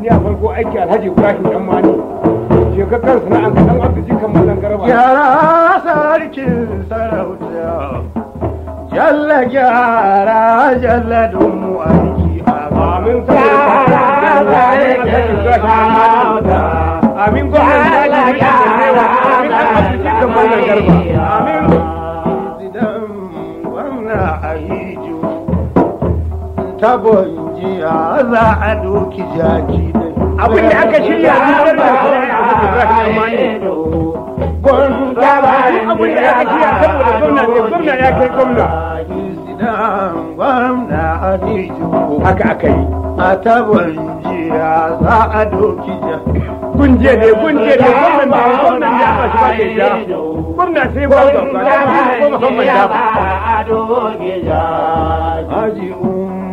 ni a farko aiki alhaji ibrahim dan mani je ka kan sana'an ka dan arziki kan mallan garba yara sarkin sarauta jalla gyara jalla dun mu aiki amin amin gwamnati da gyara amin arziki kan mallan garba amin idan gwamna ayi tabo injiya za a doki jaki da abin da aka shirya a kan a yi abin da aka shirya saboda gwamna ne gwamna ya kai gwamna. Gwamna a Nijo. Haka aka yi. A tabon jiya za a doki ne ne gwamnan da gwamnan shi ba ke ja. Gwamna sai ba ya ba A doki jaki.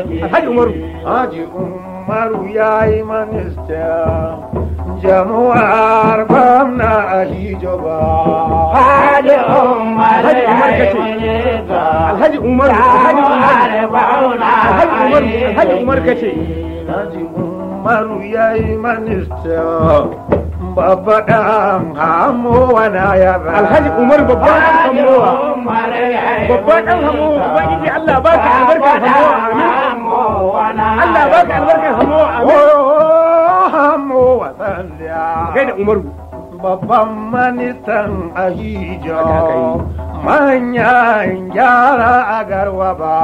alhaji umaru alhaji umaru ya yi jama'ar gwamna alhaji umaru ya yi alhaji umaru alhaji umaru alhaji umaru kace alhaji umaru ya yi hamowa alhaji umaru babba hamowa babba hamowa ubangiji Allah hamowa baka albarkar hamo hamo wa oh, sandiya kai da umaru babban manitan ahijo manyan gyara a garwa ba.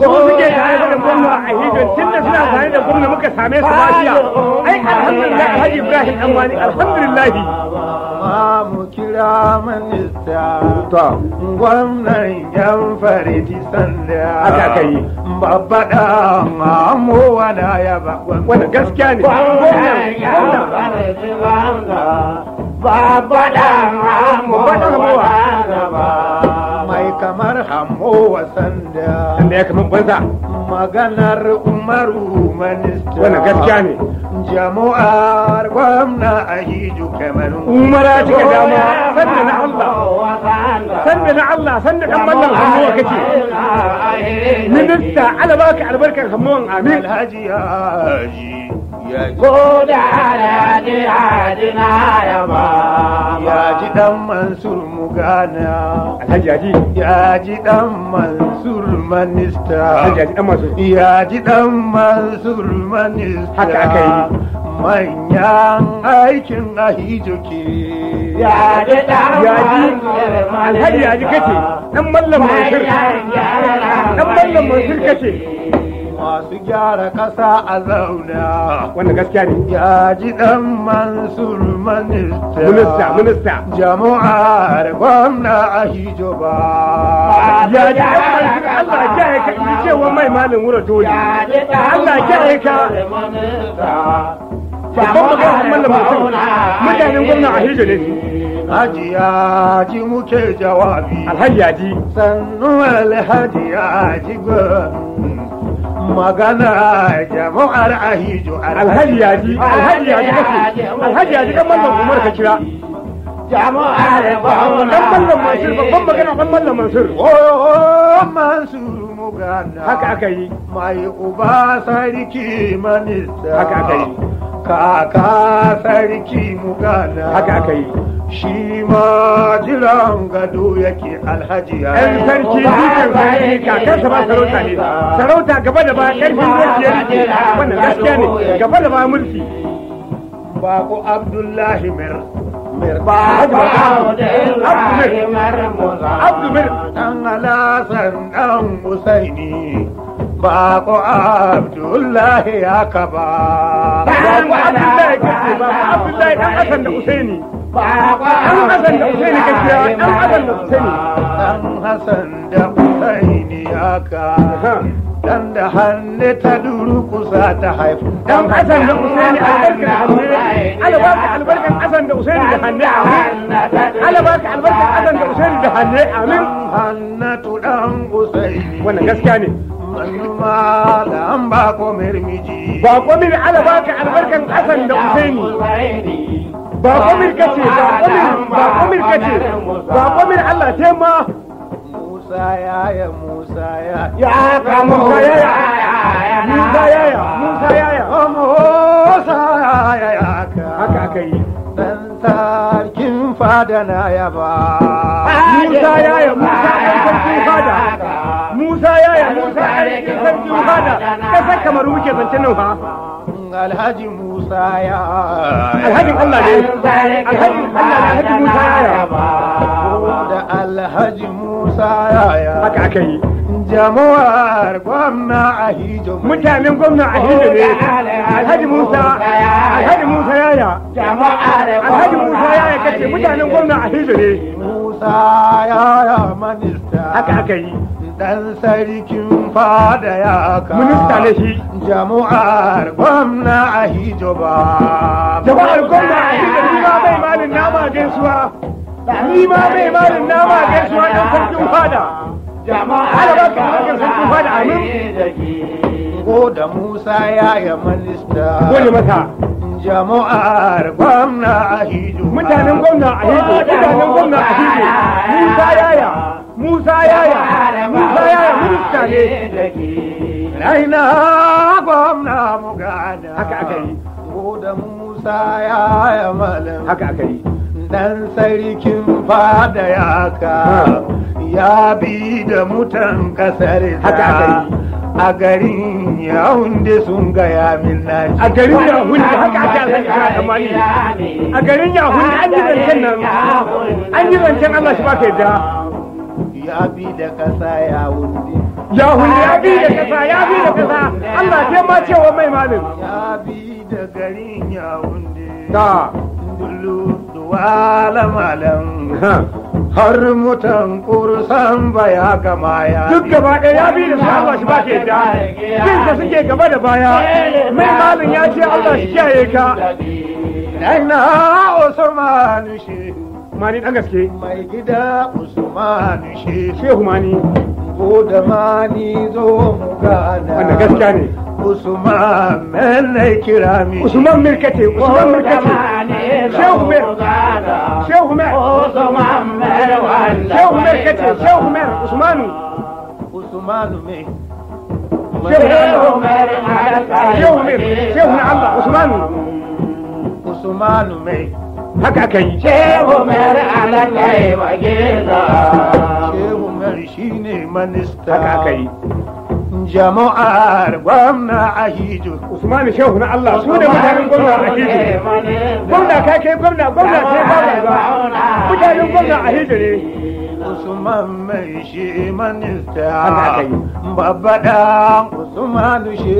Ko suke tare da gwamna a hijin tun da suna tare da gwamna muka same su lafiya. Ai alhamdulillah Alhaji Ibrahim dan wani alhamdulillah. Ma mu kira minista to gwamnan yan fariti sanda. Aka aka yi. Babbaɗa mamu wada ya ba. Wanda gaskiya ne. Gwamnan yan fariti sanda. ba faɗan hamu wata ba mai kamar hamu wasan sanda ya kamar banza maganar umaru minista wannan gaskiya ne jama'ar gwamna a hiju kamar umara cika dama sanda na Allah sanda na Allah sanda dan mallan hannuwa kake minista alabaka albarkar hannuwan amin alhaji haji ko da ya ji haji ya yaba ya ji dan mansur mu gana ya ji dan mansur manista ya ji dan mansur manista haka aka yi manyan aikin ahijo ke ya ji alhaji ya kace dan mallam mansur dan mallam mansur kace masu gyara kasa a zauna. Wanda gaskiya ne? Ya ji ɗan Mansur minista. Minista, minista. Jama'ar gwamna a hijoba. Ya ji ɗan Allah ya kiyaye ka ni cewa mai malin wura dole. Allah ya kiyaye ka. Babban magana mallam mutum mutanen gwamna a hijo ne. Hajiyaji muke jawabi. Alhaji Sannu alhaji Haji gwamna. magana jama'ar ahijo alhaji ya ji alhaji ya ji kake alhaji ji kan mallam umar ka kira jama'ar kan mallam mansur babban magana kan mallam mansur oh mansur mugana haka aka yi mai uba sarki manista haka aka yi kaka sarki mugana haka aka yi shi ma jiran gado yake alhaji ya yi sarki dukin sarki kakansa ba sarauta ne sarauta gaba da ba karfin mulki ya rike wannan gaskiya ne gaba da ba mulki bako abdullahi mir mir ba abdullahi mir abdullahi mir dan alasan dan husaini bako abdullahi ya kaba bako abdullahi kake ba abdullahi dan hasan da husaini bako hasan da husaini kake dan hasan da husaini dan da husaini ya ka dan da hanne ta duru kusa ta haifu dan hasan da husaini albarka albarkan hasan da husaini da hanne amin albarka albarkan hasan da husaini da hanne amin hannatu dan husaini wannan gaskiya ne manuma da an ba ko miji. ba ko mir ala ba ka albarkan hasan da husaini ba ko mir kace ba ko mir ba ko mir kace ba ko mir Allah sai ma Musa ya ya Musa ya ya ka Musa ya ya Musa ya ya Musa ya ya oh Musa ya ya ka haka aka yi dan sarkin fada na ya ba Musa ya ya Musa ya ya, fada Musa ya kasar kamaru muke zance nan fa alhaji musa ya alhaji allah ne alhajin allah alhaji musa ya da alhaji musa ya haka aka yi jama'ar gwamna a hijo mutanen gwamna a hijo ne alhaji musa alhaji musa ya jama'ar alhaji musa ya kace mutanen gwamna a hijo ne ya minista haka haka yi dan sarkin fada ya ka minista ne shi jama'ar gwamna a hijoba jama'ar gwamna a bai malin nama gaisuwa ni ma bai malin nama gaisuwa dan sarkin fada jama'ar gwamna a ko da musa ya yi minista gode jama'ar gwamna a hijo mutanen gwamna a hijo mutanen gwamna a hijo musa yaya musa yaya musa yaya minista ne raina gwamna haka aka yi ko da musa ya yi malin haka aka yi dan sarkin fada ya ka ya bi da mutan kasar haka aka yi a garin hunde sun gaya min naji a garin yahunde haka ake alhaji da tsammani a garin hunde an gidan zancen nan an gidan zancen allah shi ba ka yadda ya bi da kasa ya hunde. ya bi da kasa ya bi da kasa allah ke ma cewa mai malin ya bi da garin yahunde ta dulu duwala malam har mutan kursan baya kama ya duk gaba ɗaya ya bi da sahaba shi ba ke da jin da suke gaba da baya mai malin ya ce Allah shi kiyaye ka na Usman shi mani dan gaske mai gida Usman shi shehu mani ko da mani zo mu gana wannan gaskiya ne Usman mene kira Usman mirkete Usman mirkete Shehu Mer Shehu Mer Usman Mer Shehu mirkete Shehu Mer Usman Usman Mer Shehu Mer ala haka kai wa gida Shehu Mer shine minista haka kai jama'ar gwamna a hijo usman shehu na Allah su ne mutanen gwamna a hijo gwamna ka kai gwamna gwamna kai gwamna mutanen gwamna a hijo ne usman mai shi minista babbaɗan usman shi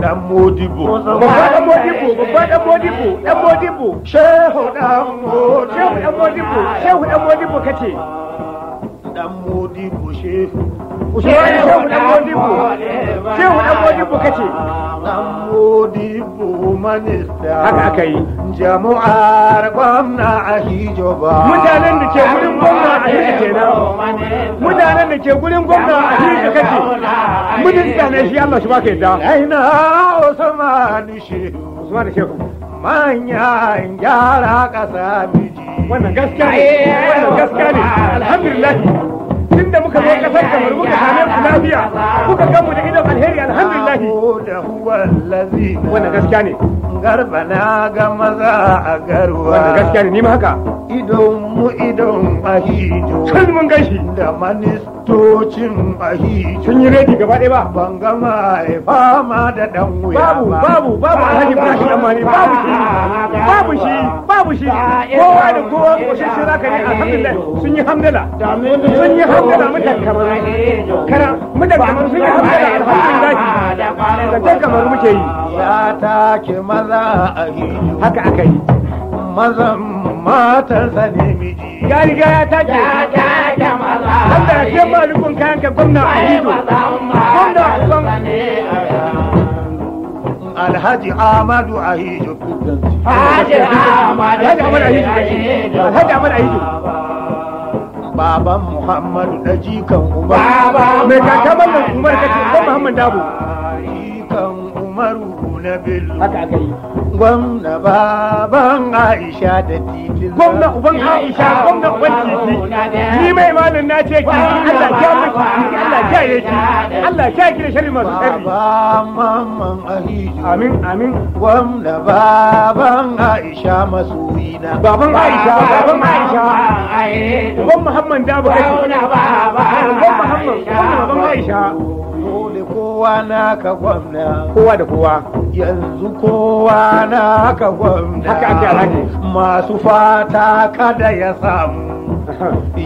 dan modibo babba dan modibo babba dan modibo dan modibo shehu dan modibo shehu dan modibo shehu dan modibo kace dan modibo shehu shehu dan modibo shehu dan modibo kace dan modibo minista haka aka yi jama'ar gwamna a hijoba mutanen da ke gurin gwamna a hijoba kenan mutanen da ke gurin gwamna a hijoba kace mutunta ne shi Allah shi baka yadda aina usman shehu usman shehu manya gyara ƙasa miji wannan gaskiya ne wannan gaskiya ne alhamdulillah tun da muka zo kasar kamar muka same ku lafiya kuka gamu da idan alheri alhamdulillah wannan gaskiya ne garba na ga maza a garwa wannan gaskiya ne ni ma haka idon mu idon ahijo kan mun gashi da manis kwamitocin ahi sun yi redi gaba ɗaya ba ban gama fama da dan wuya babu babu babu alhaji bashi dan mani babu shi babu shi babu shi kowa da kowa ko shi shi zaka ne alhamdulillah sun yi hamdala sun yi hamdala mutan kamar kara mutan kamar sun yi hamdala alhamdulillah da kamar muke yi ya take maza ahi haka aka yi mazan matar matarsa ne miji ya riga ya take ya maza wanda ke malukun kayan ka gwamna a ido gwamna a kan alhaji amadu a hijo alhaji amadu a hijo alhaji amadu a hijo baban Muhammadu da jikan Umar. Mai kaka mallan Umar kace ko Muhammad Dabo. gwamna bello haka aka gwamna baban aisha da titi gwamna uban aisha gwamna uban titi ni mai malin na ce ki Allah ya miki Allah ya yi ki Allah ya ki da shari masu shari mamman ahiji amin amin gwamna baban aisha masoyina baban aisha baban aisha gwamna muhammad da ba kai gwamna baban aisha dole kowa na ka gwamna kowa da kowa yanzu kowa na ka gwamna haka ake alhaji masu fata kada ya samu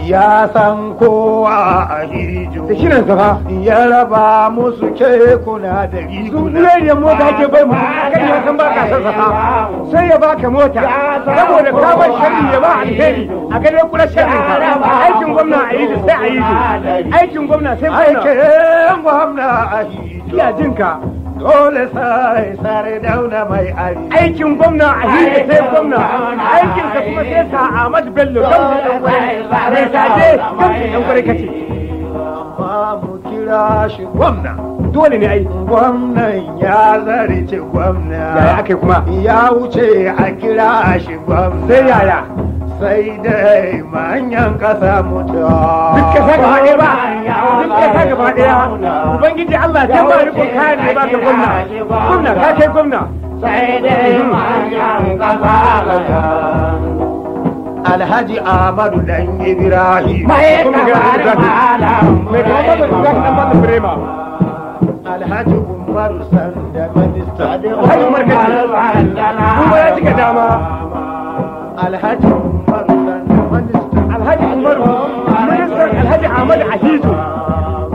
ya san kowa a hijo da shi nan gaba ya raba musu ke kuna da rigo ne da mota ake bai mu kan ya san baka san sa sai ya baka mota saboda ka bar sharri ya ba alheri a garin kura sharri ka aikin gwamna a hijo sai a hijo aikin gwamna sai ba aikin gwamna a hijo ya jinka dole sai sare dauna mai ari aikin gwamna a hira sai gwamna aikin sa kuma sai ka Ahmad Bello don su dan gwai mai sade kan su dan gwai kace amma mu kira shi gwamna dole ne ai gwamnan ya zarice ce gwamna yaya akai kuma ya wuce a kira shi gwamna sai yaya sai dai manyan kasa mutu duk gaba ɗaya ba gaba ɗaya ubangiji Allah ta ba riko kayan da ba gwamna gwamna ka gwamna sai dai manyan kasa Alhaji amadu dan Ibrahim. Mai kamar malam. Mai Alhaji Umar Sanda Minista. Alhaji Umar Kaji. Umar ya dama. Alhaji Ahmad Ahijo.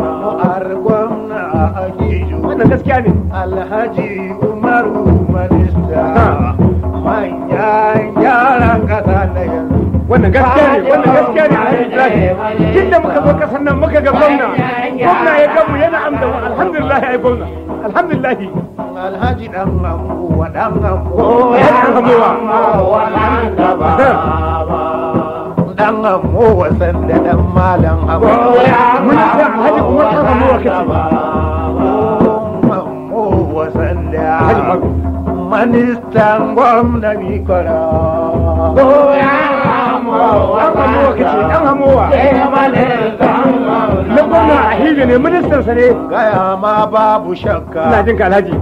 Mu'ar gwamna Ahijo. Wannan gaskiya ne. Alhaji Umar Umar Umarista. Manyan yaran kasa na yanzu. Wannan gaskiya ne, wannan gaskiya ne Alhaji Tun da muka zo kasan nan muka ga gwamna. Gwamna ya gamu yana amda wa alhamdulillah ya gwamna. Alhamdulillah. Alhaji dan wa dan wa. Oh, ya dan wa. Wa dan gaba. dan hamo wasan da dan malam hamo mun da haji umar dan hamo hamo wasan da ministan gwamna mi kora goya hamo wasan kace dan hamo wa na gwamna a hili ne ministan sa ne gaya ma babu shakka ina jin alhaji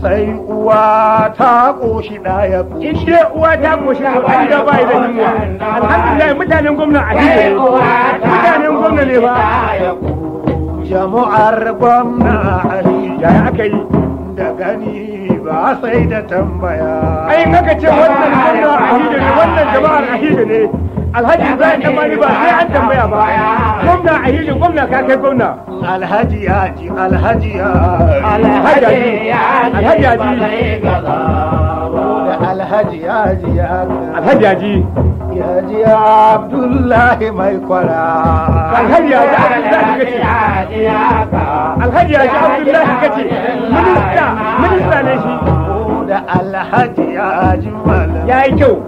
sai uwa ta koshi daya in dai uwa ta koshi a ba da bai da yunwa alhamdulillah mutanen gwamna a hije mutanen gwamna ne ba jama'ar gwamna a hije ya aka yi da gani ba sai da tambaya ai in ce wannan gwamna a hije ne wannan jama'ar a hije ne alhaji ibrahim dan mali ba sai an tambaya ba gwamna a hili gwamna ka kai gwamna alhaji yaji alhaji alhaji alhaji alhaji yaji alhaji yaji Yaji Abdullahi mai kwara. Alhaji Yaji Abdullahi kace. Alhaji Yaji Abdullahi kace. Minista, minista ne shi. Da Alhaji Yaji Malam. Yayi kyau.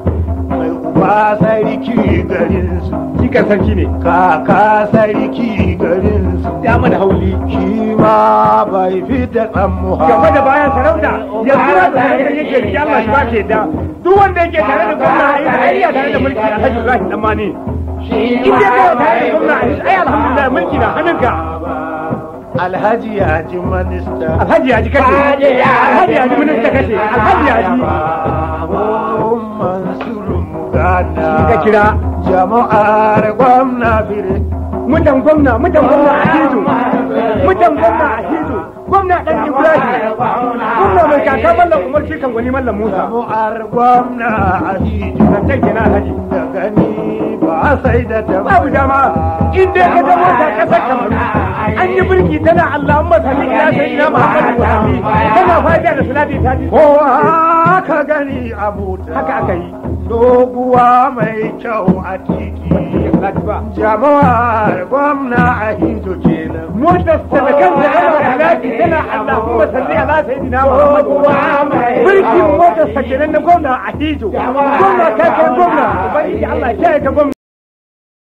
Ba sarki garin su. Shi kan sarki ne. Kaka sarki garin su. Ya mana hauli. Shi ma bai fi da tsammuha. Gaba da bayan sarauta. Ya zuwa da hanyar yake riƙe Allah shi ba ke da. Duk wanda yake tare da gwamna a yi tarayya tare da mulki a hajji Ibrahim ma mani. In dai kana tare da gwamna a yi ai alhamdulillah mulki na hannunka. Alhaji ya ji minista. Alhaji ya ji kashe. Alhaji ya ji minista kashe. Alhaji ya ji. Suka kira. Jama'ar gwamna bire. Mutan gwamna, mutan gwamna a hizo. Mutan gwamna a hizo. Gwamna ɗan Ibrahim. Gwamna mai kaka Mallam Umar shi kan gwani Mallam Musa. Jama'ar gwamna a hizo. Kan ta gina haji. Da gani ba sai da ta. Babu dama. In dai ka zama ta ƙasar Kamaru. an yi birki tana Allahumma salli ila sayyidina Muhammad wa alihi tana fadiya da salati ta ji kowa ka gani abu haka aka yi doguwa mai kyau a titi jama'ar gwamna a hito kenan sana kan da ana halaki tana Allah kuma sanni ala sai dina doguwa mai mulkin motar sadakan na gwamna a hito gwamna kakan gwamna ubangiji Allah ya ka gwamna